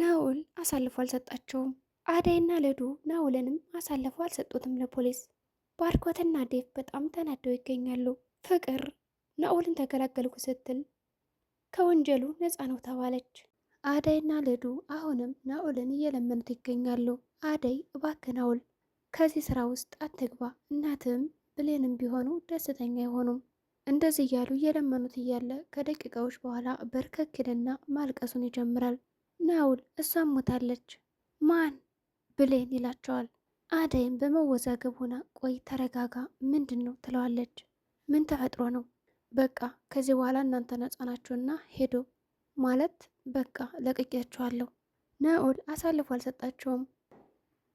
ናውል አሳልፎ አልሰጣቸውም። ና ልዱ ናውልንም አሳልፎ አልሰጡትም ለፖሊስ። ባርኮትና ዴቭ በጣም ተናደው ይገኛሉ። ፍቅር ናኦልን ተገላገልኩ ስትል ከወንጀሉ ነፃ ነው ተባለች። አደይና ልዱ አሁንም ናኦልን እየለመኑት ይገኛሉ። አደይ እባክህ ናኦል ከዚህ ስራ ውስጥ አትግባ፣ እናትም ብሌንም ቢሆኑ ደስተኛ አይሆኑም። እንደዚህ እያሉ እየለመኑት እያለ ከደቂቃዎች በኋላ በርከክልና ማልቀሱን ይጀምራል። ናውል እሷም ሞታለች ማን ብሌን ይላቸዋል። አደይም በመወዛገብ ሆና ቆይ ተረጋጋ፣ ምንድን ነው ትለዋለች። ምን ተፈጥሮ ነው? በቃ ከዚህ በኋላ እናንተ ነጻ ናችሁና ሄዶ ማለት በቃ ለቅቄያችኋለሁ። ናኦል አሳልፎ አልሰጣቸውም።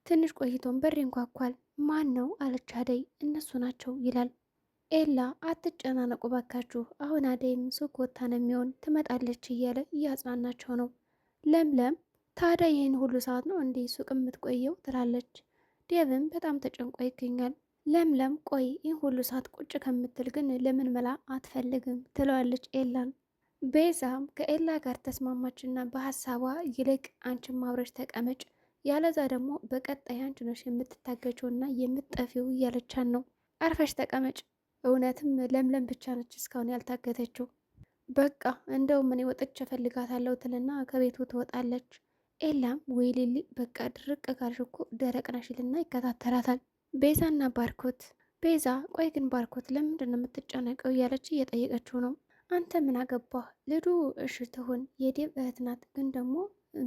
ትንሽ ቆይቶም በር ይንኳኳል። ማን ነው አለች አደይ። እነሱ ናቸው ይላል ኤላ። አትጨናነቁ ባካችሁ፣ አሁን አደይም ሱቅ ወታ ነው የሚሆን ትመጣለች እያለ እያጽናናቸው ነው። ለምለም ታዲያ ይህን ሁሉ ሰዓት ነው እንዲህ ሱቅ የምትቆየው ትላለች። ዴቭም በጣም ተጨንቆ ይገኛል። ለምለም ቆይ ይህን ሁሉ ሰዓት ቁጭ ከምትል ግን ለምን መላ አትፈልግም ትለዋለች ኤላን። ቤዛም ከኤላ ጋር ተስማማችና በሀሳቧ ይልቅ አንቺን ማብረሽ ተቀመጭ፣ ያለዛ ደግሞ በቀጣይ አንቺ ነሽ የምትታገችውና የምትጠፊው እያለቻን ነው። አርፈሽ ተቀመጭ። እውነትም ለምለም ብቻ ነች እስካሁን ያልታገተችው። በቃ እንደውም እኔ ወጥቼ እፈልጋታለሁ ትልና ከቤቱ ትወጣለች። ኤላም ወይ ሊሊ በቃ ድርቅ ካልሽ እኮ ደረቅ ነሽልና ይከታተላታል። ቤዛና ባርኮት ቤዛ ቆይ ግን ባርኮት ለምንድን ነው የምትጨነቀው? እያለች እየጠየቀችው ነው። አንተ ምን አገባህ? ልዱ እሺ ትሁን የዴብ እህት ናት፣ ግን ደግሞ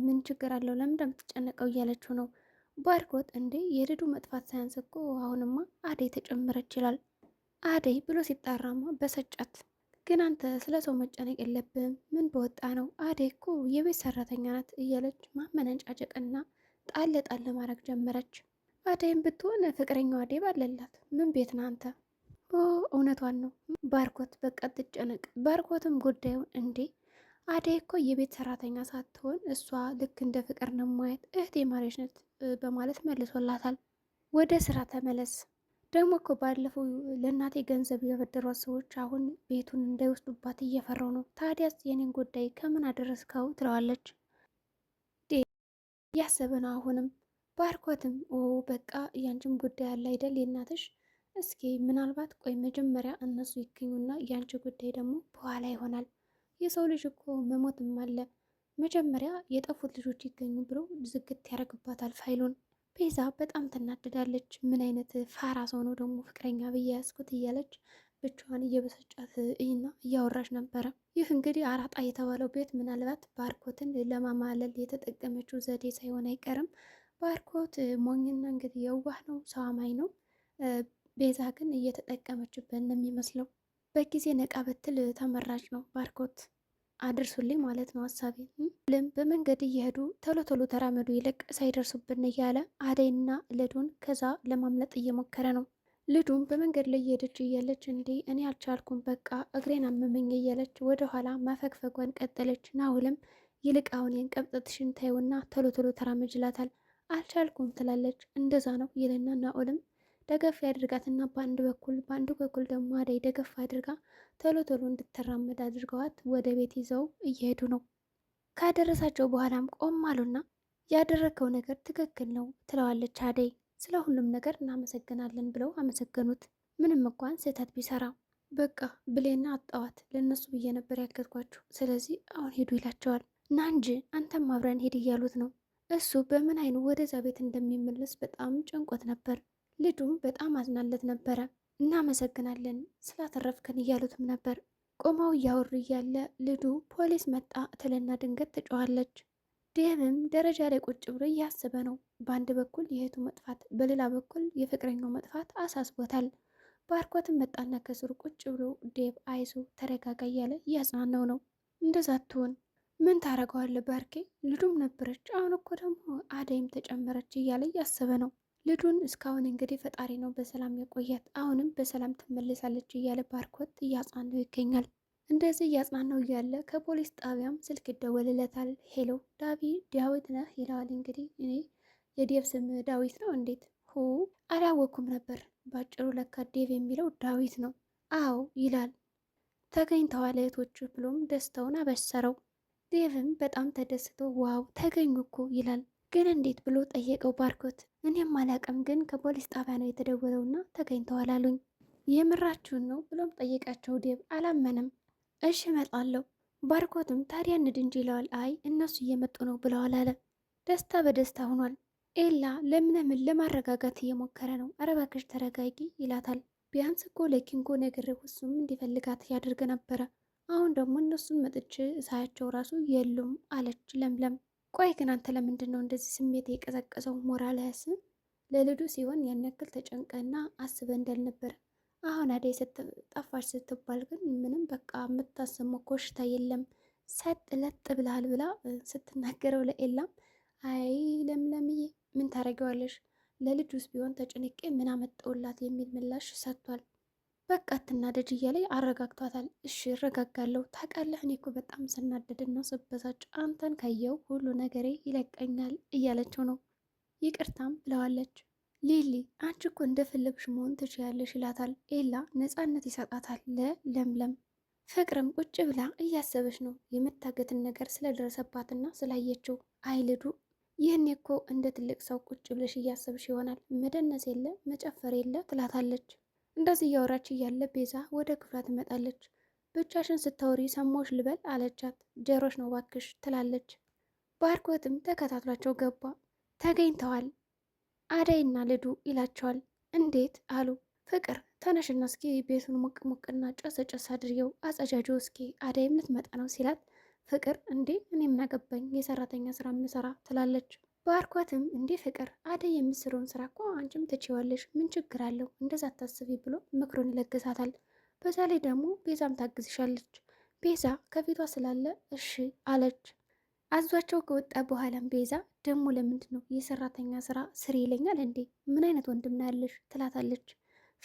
ምን ችግር አለው? ለምንድን ነው የምትጨነቀው? እያለችው ነው። ባርኮት እንዴ የልዱ መጥፋት ሳያንስ እኮ አሁንማ አደይ ተጨምረ ይችላል። አደይ ብሎ ሲጣራማ በሰጫት ግን አንተ ስለ ሰው መጨነቅ የለብም ምን በወጣ ነው አደይ እኮ የቤት ሰራተኛ ናት እያለች ማመነጫጨቅና ጣል ጣል ማድረግ ጀመረች። አደይም ብትሆን ፍቅረኛው አዴ ባለላት ምን ቤት ነህ አንተ? እውነቷን ነው ባርኮት፣ በቃ ትጨነቅ። ባርኮትም ጉዳዩን እንዴ አደይ እኮ የቤት ሰራተኛ ሳትሆን እሷ ልክ እንደ ፍቅር ነው ማየት እህቴ ማሬች በማለት መልሶላታል። ወደ ስራ ተመለስ ደግሞ እኮ ባለፈው ለእናቴ ገንዘብ የበደሯት ሰዎች አሁን ቤቱን እንዳይወስዱባት እየፈራው ነው። ታዲያስ የኔን ጉዳይ ከምን አደረስከው ትለዋለች ያሰበን። አሁንም ባርኮትም ኦ በቃ ያንችን ጉዳይ አለ አይደል የእናትሽ። እስኪ ምናልባት ቆይ መጀመሪያ እነሱ ይገኙና ያንቺ ጉዳይ ደግሞ በኋላ ይሆናል። የሰው ልጅ እኮ መሞትም አለ መጀመሪያ የጠፉት ልጆች ይገኙ ብሎ ዝግት ያደርግባታል ፋይሉን ቤዛ በጣም ትናደዳለች። ምን አይነት ፋራ ሰው ነው ደግሞ ፍቅረኛ ብዬ ያስኩት እያለች ብቻዋን እየበሰጫት እና እያወራች ነበረ። ይህ እንግዲህ አራጣ የተባለው ቤት ምናልባት ባርኮትን ለማማለል የተጠቀመችው ዘዴ ሳይሆን አይቀርም። ባርኮት ሞኝና እንግዲህ የዋህ ነው፣ ሰው አማኝ ነው። ቤዛ ግን እየተጠቀመችበት ነው የሚመስለው። በጊዜ ነቃ ብትል ተመራጭ ነው ባርኮት አድርሱልኝ ማለት ነው ሀሳቤ። ልም በመንገድ እየሄዱ ቶሎ ቶሎ ተራመዱ ይልቅ ሳይደርሱብን እያለ አደይና ልዱን ከዛ ለማምለጥ እየሞከረ ነው። ልዱም በመንገድ ላይ እየሄደች እያለች እንዲህ እኔ አልቻልኩም በቃ እግሬን አመመኝ እያለች ወደኋላ ማፈግፈጓን ቀጠለች። ናሁልም ይልቅ አሁን ይህን ቀብጠትሽን ታይውና ቶሎ ቶሎ ተራመጅላታል አልቻልኩም ትላለች። እንደዛ ነው ይልና ናኦልም ደገፍ ያድርጋትና በአንድ በኩል በአንድ በኩል ደግሞ አደይ ደገፍ አድርጋ ቶሎ ቶሎ እንድትራመድ አድርገዋት ወደ ቤት ይዘው እየሄዱ ነው። ካደረሳቸው በኋላም ቆም አሉና ያደረከው ነገር ትክክል ነው ትለዋለች አደይ። ስለ ሁሉም ነገር እናመሰግናለን ብለው አመሰገኑት። ምንም እንኳን ስህተት ቢሰራ በቃ ብሌና አጣዋት ለእነሱ ብዬ ነበር ያገዝኳችሁ፣ ስለዚህ አሁን ሄዱ ይላቸዋል። ና እንጂ አንተም አብረን ሄድ እያሉት ነው። እሱ በምን አይኑ ወደዛ ቤት እንደሚመለስ በጣም ጨንቆት ነበር። ልዱም በጣም አዝናለት ነበረ። እናመሰግናለን ስላተረፍከን እያሉትም ነበር። ቆመው እያወሩ እያለ ልዱ ፖሊስ መጣ ትልና ድንገት ትጮዋለች። ዴቭም ደረጃ ላይ ቁጭ ብሎ እያሰበ ነው። በአንድ በኩል የእህቱ መጥፋት፣ በሌላ በኩል የፍቅረኛው መጥፋት አሳስቦታል። ባርኮትም መጣና ከስሩ ቁጭ ብሎ ዴቭ አይዞ ተረጋጋ እያለ እያጽናናው ነው። እንደዛ ትሆን ምን ታረገዋለ ባርኬ፣ ልዱም ነበረች አሁን እኮ ደግሞ አደይም ተጨመረች እያለ እያሰበ ነው። ልዱን እስካሁን እንግዲህ ፈጣሪ ነው በሰላም የቆያት አሁንም በሰላም ትመለሳለች እያለ ባርኮት እያጽናነው ይገኛል። እንደዚህ እያጽናነው እያለ ከፖሊስ ጣቢያም ስልክ ይደወልለታል። ሄሎ ዳቢ ዳዊት ነህ ይለዋል። እንግዲህ እኔ የዴቭ ስም ዳዊት ነው እንዴት? ሁ አላወኩም ነበር። ባጭሩ ለካ ዴቭ የሚለው ዳዊት ነው። አዎ ይላል። ተገኝተዋል እህቶቹ ብሎም ደስታውን አበሰረው። ዴቭም በጣም ተደስቶ ዋው ተገኙ እኮ ይላል። ግን እንዴት ብሎ ጠየቀው ባርኮት። እኔም አላቅም፣ ግን ከፖሊስ ጣቢያ ነው የተደወለውና ተገኝተዋል አሉኝ። የምራችሁን ነው ብሎም ጠየቃቸው ዴብ። አላመነም። እሽ እመጣለሁ። ባርኮትም ታዲያ ንድ እንጂ ይለዋል። አይ እነሱ እየመጡ ነው ብለዋል አለ። ደስታ በደስታ ሆኗል። ኤላ ለምነምን ለማረጋጋት እየሞከረ ነው። አረባክሽ ተረጋጊ ይላታል። ቢያንስ እኮ ለኪንጎ ነገር እሱም እንዲፈልጋት ያደርግ ነበረ። አሁን ደግሞ እነሱን መጥቼ እሳያቸው ራሱ የሉም አለች ለምለም። ቆይ ግን አንተ ለምንድን ነው እንደዚህ ስሜት የቀዘቀዘው? ሞራልህስ ለልዱ ሲሆን ያን ያክል ተጨንቀና አስበ እንዳልነበር አሁን አደይ ጠፋች ስትባል ግን ምንም በቃ የምታሰማው ኮሽታ የለም ሰጥ ለጥ ብልሃል ብላ ስትናገረው ለኤላም አይ ለምለምዬ ምን ታደርጊዋለሽ ለልጁስ ቢሆን ተጨንቄ ምን አመጣውላት የሚል ምላሽ ሰጥቷል። በቃ አትናደድ ላይ አረጋግቷታል። እሺ እረጋጋለሁ፣ ታውቃለህ እኔ እኮ በጣም ስናደድና ስበሳጭ አንተን ካየው ሁሉ ነገሬ ይለቀኛል እያለችው ነው። ይቅርታም ብለዋለች። ሊሊ አንቺ እኮ እንደፈለግሽ መሆን ትችያለሽ ይላታል። ኤላ ነፃነት ይሰጣታል ለለምለም። ፍቅርም ቁጭ ብላ እያሰበች ነው የመታገትን ነገር ስለደረሰባትና ስላየችው አይልዱ ይህኔ እኮ እንደ ትልቅ ሰው ቁጭ ብለሽ እያሰብሽ ይሆናል መደነስ የለ መጨፈር የለ ትላታለች። እንደዚህ እያወራች እያለ ቤዛ ወደ ክፍሏ ትመጣለች። ብቻሽን ስታወሪ ሰማዎች ልበል አለቻት። ጀሮች ነው ባክሽ ትላለች። ባርኮትም ተከታትሏቸው ገባ። ተገኝተዋል አደይና ልዱ ይላቸዋል። እንዴት አሉ። ፍቅር ተነሽና እስኪ ቤቱን ሞቅ ሞቅና ጨስ ጨስ አድርየው አጸጃጆ እስኪ አደይም ልትመጣ ነው ሲላት፣ ፍቅር እንዴ እኔ ምን የሰራተኛ ስራ ምሰራ ትላለች። ባርኮትም እንዴ ፍቅር አደይ የምትስረውን ስራ እኮ አንቺም ትችዋለሽ፣ ምን ችግር አለው? እንደዛ አታስቢ ብሎ ምክሩን ይለግሳታል። በዛ ላይ ደግሞ ቤዛም ታግዝሻለች። ቤዛ ከፊቷ ስላለ እሺ አለች። አዟቸው ከወጣ በኋላም ቤዛ ደግሞ ለምንድን ነው የሰራተኛ ስራ ስሪ ይለኛል እንዴ? ምን አይነት ወንድም ነው ያለሽ? ትላታለች።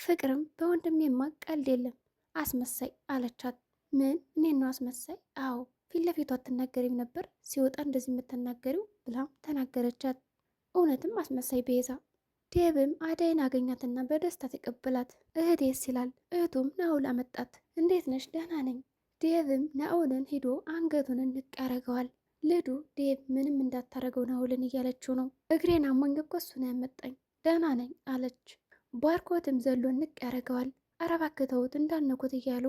ፍቅርም በወንድሜማ ቀልድ የለም አስመሳይ አለቻት። ምን እኔ ነው አስመሳይ? አዎ ፊት ለፊቱ አትናገሪም ነበር ሲወጣ እንደዚህ የምትናገሪው ብላም ተናገረቻት። እውነትም አስመሳይ ቤዛ። ዴብም አደይን አገኛትና በደስታ ተቀበላት። እህቴስ ይላል። እህቱም ናኦል አመጣት። እንዴት ነሽ? ደህና ነኝ። ዴብም ናኦልን ሂዶ አንገቱን ንቅ ያደርገዋል። ልዱ ዴብ ምንም እንዳታረገው ናኦልን እያለችው ነው። እግሬን አሞኝ እኮ እሱ ነው ያመጣኝ። ደህና ነኝ አለች። ባርኮትም ዘሎ ንቅ ያደርገዋል። አረባክተውት እንዳነኩት እያሉ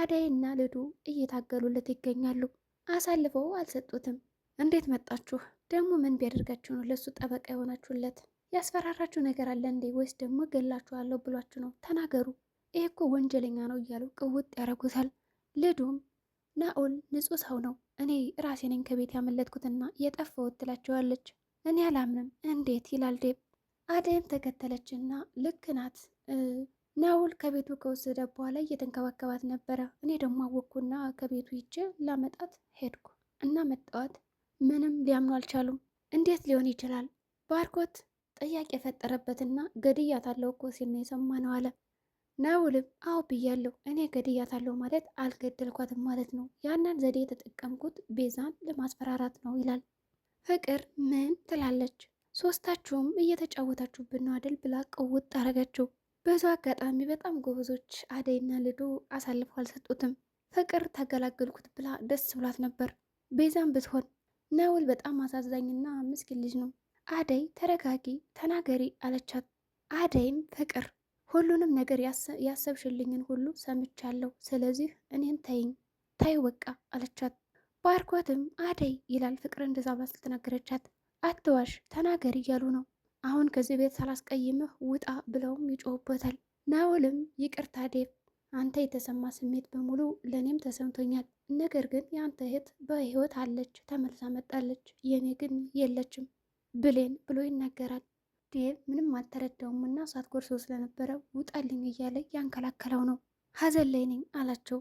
አደይ እና ልዱ እየታገሉለት ይገኛሉ። አሳልፈው አልሰጡትም። እንዴት መጣችሁ ደግሞ? ምን ቢያደርጋችሁ ነው ለእሱ ጠበቃ የሆናችሁለት? ያስፈራራችሁ ነገር አለ እንዴ? ወይስ ደግሞ ገላችኋለሁ ብሏችሁ ነው? ተናገሩ። ይህ እኮ ወንጀለኛ ነው እያሉ ቅውጥ ያደርጉታል። ልዱም ናኦል ንጹህ ሰው ነው፣ እኔ ራሴ ነኝ ከቤት ያመለጥኩትና የጠፋሁት ትላቸዋለች። እኔ አላምንም እንዴት ይላል ዴብ። አደይም ተከተለችና ልክ ናት ናውል ከቤቱ ከወሰደ በኋላ እየተንከባከባት ነበረ። እኔ ደግሞ አወቅኩና ከቤቱ ሂጄ ላመጣት ሄድኩ እና መጣዋት። ምንም ሊያምኑ አልቻሉም። እንዴት ሊሆን ይችላል? ባርኮት ጥያቄ የፈጠረበትና ገድያታለሁ እኮ ሲል ነው የሰማነው አለ። ናውልም አዎ ብያለሁ፣ እኔ ገድያታለሁ ማለት አልገደልኳትም ማለት ነው። ያንን ዘዴ የተጠቀምኩት ቤዛን ለማስፈራራት ነው ይላል። ፍቅር ምን ትላለች? ሶስታችሁም እየተጫወታችሁብን ነው አደል ብላ ቅውጥ አረገችው። በዛ አጋጣሚ በጣም ጎበዞች አደይና ልዱ አሳልፈው አልሰጡትም። ፍቅር ተገላገልኩት ብላ ደስ ብሏት ነበር። ቤዛም ብትሆን ናውል በጣም አሳዛኝና ምስኪን ልጅ ነው። አደይ ተረጋጊ፣ ተናገሪ አለቻት። አደይም ፍቅር ሁሉንም ነገር ያሰብሽልኝን ሁሉ ሰምቻለሁ። ስለዚህ እኔን ተይኝ ታይ ወቃ አለቻት። ባርኮትም አደይ ይላል ፍቅር እንደዛ ብላ ስትናገረቻት፣ አትዋሽ ተናገሪ እያሉ ነው አሁን ከዚህ ቤት ሳላስቀይምህ ውጣ ብለውም ይጮሁበታል። ናውልም ይቅርታ ዴቭ፣ አንተ የተሰማ ስሜት በሙሉ ለእኔም ተሰምቶኛል። ነገር ግን የአንተ እህት በህይወት አለች፣ ተመልሳ መጣለች፣ የእኔ ግን የለችም ብሌን ብሎ ይናገራል። ዴቭ ምንም አልተረዳውም እና እሳት ጎርሶ ስለነበረ ውጣልኝ እያለ ያንከላከለው ነው። ሀዘን ላይ ነኝ አላቸው።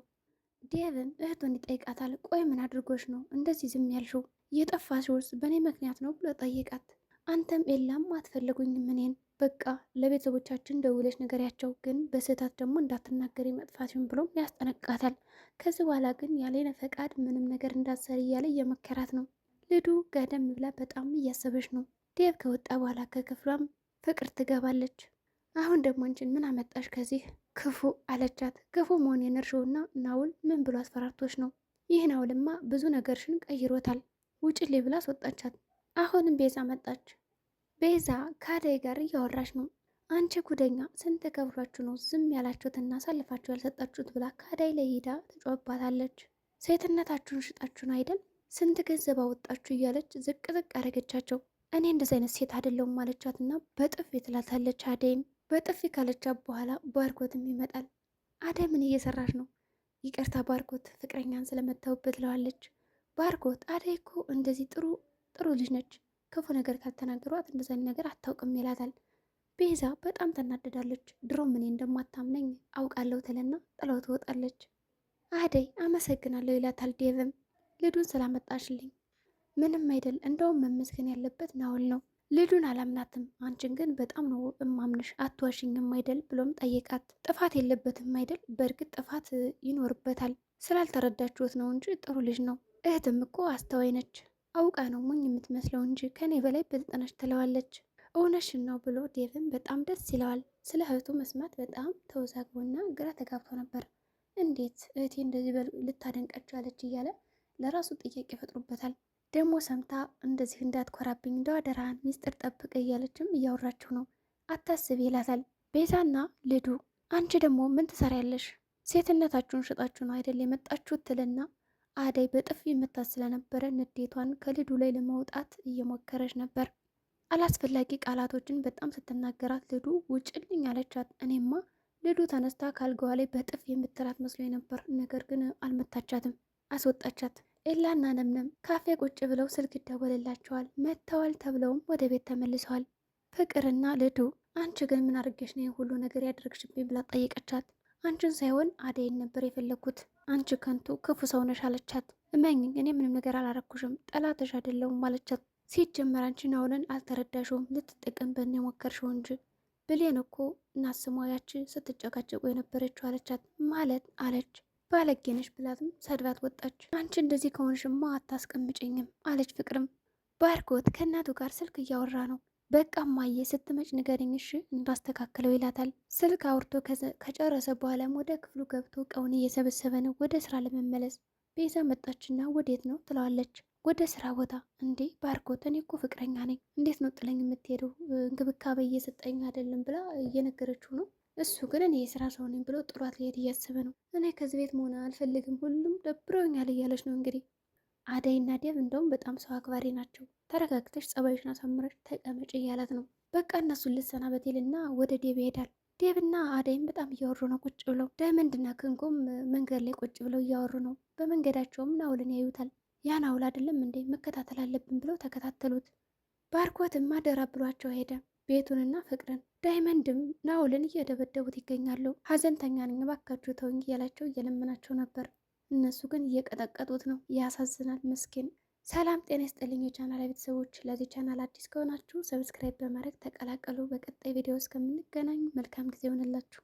ዴቭም እህቱን ይጠይቃታል። ቆይ ምን አድርጎች ነው እንደዚህ ዝም ያልሽው? የጠፋሽውስ በእኔ ምክንያት ነው ብሎ ጠይቃት አንተም ኤላም አትፈልጉኝም እኔን በቃ ለቤተሰቦቻችን ደውለሽ ንገሪያቸው፣ ግን በስህተት ደግሞ እንዳትናገር መጥፋትን ብሎም ያስጠነቅቃታል። ከዚህ በኋላ ግን ያለነ ፈቃድ ምንም ነገር እንዳትሰሪ እያለ እየመከራት ነው። ልዱ ገደም ብላ በጣም እያሰበች ነው። ዴቭ ከወጣ በኋላ ከክፍሏም ፍቅር ትገባለች። አሁን ደግሞ አንቺን ምን አመጣሽ ከዚህ ክፉ አለቻት። ክፉ መሆን የነርሽውና ናውል ምን ብሎ አስፈራርቶች ነው? ይህ ናውልማ ብዙ ነገርሽን ቀይሮታል። ውጭ ሌ ብላ አስወጣቻት። አሁንም ቤዛ መጣች። ቤዛ ከአደይ ጋር እያወራች ነው። አንቺ ጉደኛ ስንት ከብሯችሁ ነው ዝም ያላችሁትና አሳልፋችሁ ያልሰጣችሁት ብላ ከአደይ ላይ ሄዳ ትጮባታለች። ሴትነታችሁን ሽጣችሁን አይደል ስንት ገንዘብ አወጣችሁ እያለች ዝቅ ዝቅ አረገቻቸው። እኔ እንደዚ አይነት ሴት አይደለሁም አለቻትና በጥፊ ትላታለች። አደይም በጥፊ ካለቻት በኋላ ባርኮትም ይመጣል። አደይ ምን እየሰራች ነው? ይቅርታ ባርኮት፣ ፍቅረኛን ስለመታውበት ትለዋለች። ባርኮት አደይ እኮ እንደዚህ ጥሩ ጥሩ ልጅ ነች፣ ክፉ ነገር ካልተናገሯት እንደዛን ነገር አታውቅም ይላታል። ቤዛ በጣም ተናደዳለች። ድሮም እኔ እንደማታምነኝ አውቃለሁ ትለና ጥለው ትወጣለች። አደይ አመሰግናለሁ ይላታል። ዴቭም ልዱን ስላመጣሽልኝ ምንም አይደል፣ እንደውም መመስገን ያለበት ናውል ነው። ልዱን አላምናትም፣ አንቺን ግን በጣም ነው እማምንሽ፣ አትዋሽኝም አይደል ብሎም ጠይቃት። ጥፋት የለበትም አይደል? በእርግጥ ጥፋት ይኖርበታል፣ ስላልተረዳችሁት ነው እንጂ ጥሩ ልጅ ነው። እህትም እኮ አስተዋይ ነች። አውቃ ነው ሞኝ የምትመስለው እንጂ ከኔ በላይ በልጠነች ትለዋለች። እውነሽን ነው ብሎ ዴቭን በጣም ደስ ይለዋል። ስለ እህቱ መስማት በጣም ተወዛግቦና ግራ ተጋብቶ ነበር። እንዴት እህቴ እንደዚህ ልታደንቀች አለች እያለ ለራሱ ጥያቄ ፈጥሮበታል። ደግሞ ሰምታ እንደዚህ እንዳትኮራብኝ እንደው አደራህን ሚስጥር ጠብቅ እያለችም እያወራችሁ ነው። አታስብ ይላታል። ቤዛና ልዱ አንቺ ደግሞ ምን ትሰሪያለሽ? ሴትነታችሁን ሽጣችሁ ነው አይደል የመጣችሁት ትልና አደይ በጥፊ የመታት ስለነበረ ንዴቷን ከልዱ ላይ ለማውጣት እየሞከረች ነበር። አላስፈላጊ ቃላቶችን በጣም ስትናገራት ልዱ ውጭልኝ አለቻት። እኔማ ልዱ ተነስታ ካልጋዋ ላይ በጥፍ የምትላት መስሎ ነበር፣ ነገር ግን አልመታቻትም፣ አስወጣቻት። ኤላና ነምነም ካፌ ቁጭ ብለው ስልክ ይደወልላቸዋል። መጥተዋል ተብለውም ወደ ቤት ተመልሰዋል። ፍቅርና ልዱ አንቺ ግን ምን አድርጌሽ ነው ሁሉ ነገር ያደረግሽብኝ ብላ ጠይቀቻት። አንቺን ሳይሆን አደይን ነበር የፈለግኩት አንቺ ከንቱ ክፉ ሰው ነሽ አለቻት። እመኝ እኔ ምንም ነገር አላረኩሽም፣ ጠላትሽ አይደለሁም አለቻት። ሲጀመር አንቺ ናሆንን አልተረዳሽውም፣ ልትጠቀምበት ነው የሞከርሽው እንጂ ብሌን እኮ እናስሟ ያቺ ስትጨቃጨቁ የነበረችው አለቻት። ማለት አለች። ባለጌ ነሽ ብላትም ሰድባት ወጣች። አንቺ እንደዚህ ከሆንሽማ አታስቀምጨኝም አለች። ፍቅርም ባርኮት ከእናቱ ጋር ስልክ እያወራ ነው። በቃ ማየ ስትመጭ ንገረኝ እሺ እንዳስተካከለው ይላታል። ስልክ አውርቶ ከጨረሰ በኋላም ወደ ክፍሉ ገብቶ እቃውን እየሰበሰበ ነው ወደ ስራ ለመመለስ። ቤዛ መጣችና ወዴት ነው ትለዋለች። ወደ ስራ ቦታ። እንዴ ባርኮት፣ እኔ እኮ ፍቅረኛ ነኝ፣ እንዴት ነው ጥለኝ የምትሄደው? እንክብካቤ እየሰጠኝ አይደለም ብላ እየነገረችው ነው። እሱ ግን እኔ የስራ ሰው ነኝ ብሎ ጥሏት ሊሄድ እያሰበ ነው። እኔ ከዚህ ቤት መሆን አልፈልግም፣ ሁሉም ደብሮኛል እያለች ነው እንግዲህ። አደይና ዴቭ እንደውም በጣም ሰው አክባሪ ናቸው። ተረጋግተሽ ጸባይሽን አሳምረሽ ተቀመጭ እያላት ነው። በቃ እነሱን ልሰናበት ይልና ወደ ዴብ ይሄዳል። ዴብና አደይም በጣም እያወሩ ነው ቁጭ ብለው። ዳይመንድና ክንጎም መንገድ ላይ ቁጭ ብለው እያወሩ ነው። በመንገዳቸውም ናውልን ያዩታል። ያን ናውል አይደለም እንዴ መከታተል አለብን ብለው ተከታተሉት። ባርኮትም አደራ ብሏቸው ሄደ። ቤቱንና ፍቅርን ዳይመንድም ናውልን እየደበደቡት ይገኛሉ። ሀዘንተኛ ነኝ እባካችሁ ተውኝ እያላቸው እየለመናቸው ነበር። እነሱ ግን እየቀጠቀጡት ነው። ያሳዝናል ምስኪን ሰላም ጤና ይስጥልኝ የቻናል ቤተሰቦች፣ ለዚህ ቻናል አዲስ ከሆናችሁ ሰብስክራይብ በማድረግ ተቀላቀሉ። በቀጣይ ቪዲዮ እስከምንገናኝ መልካም ጊዜ ይሆንላችሁ።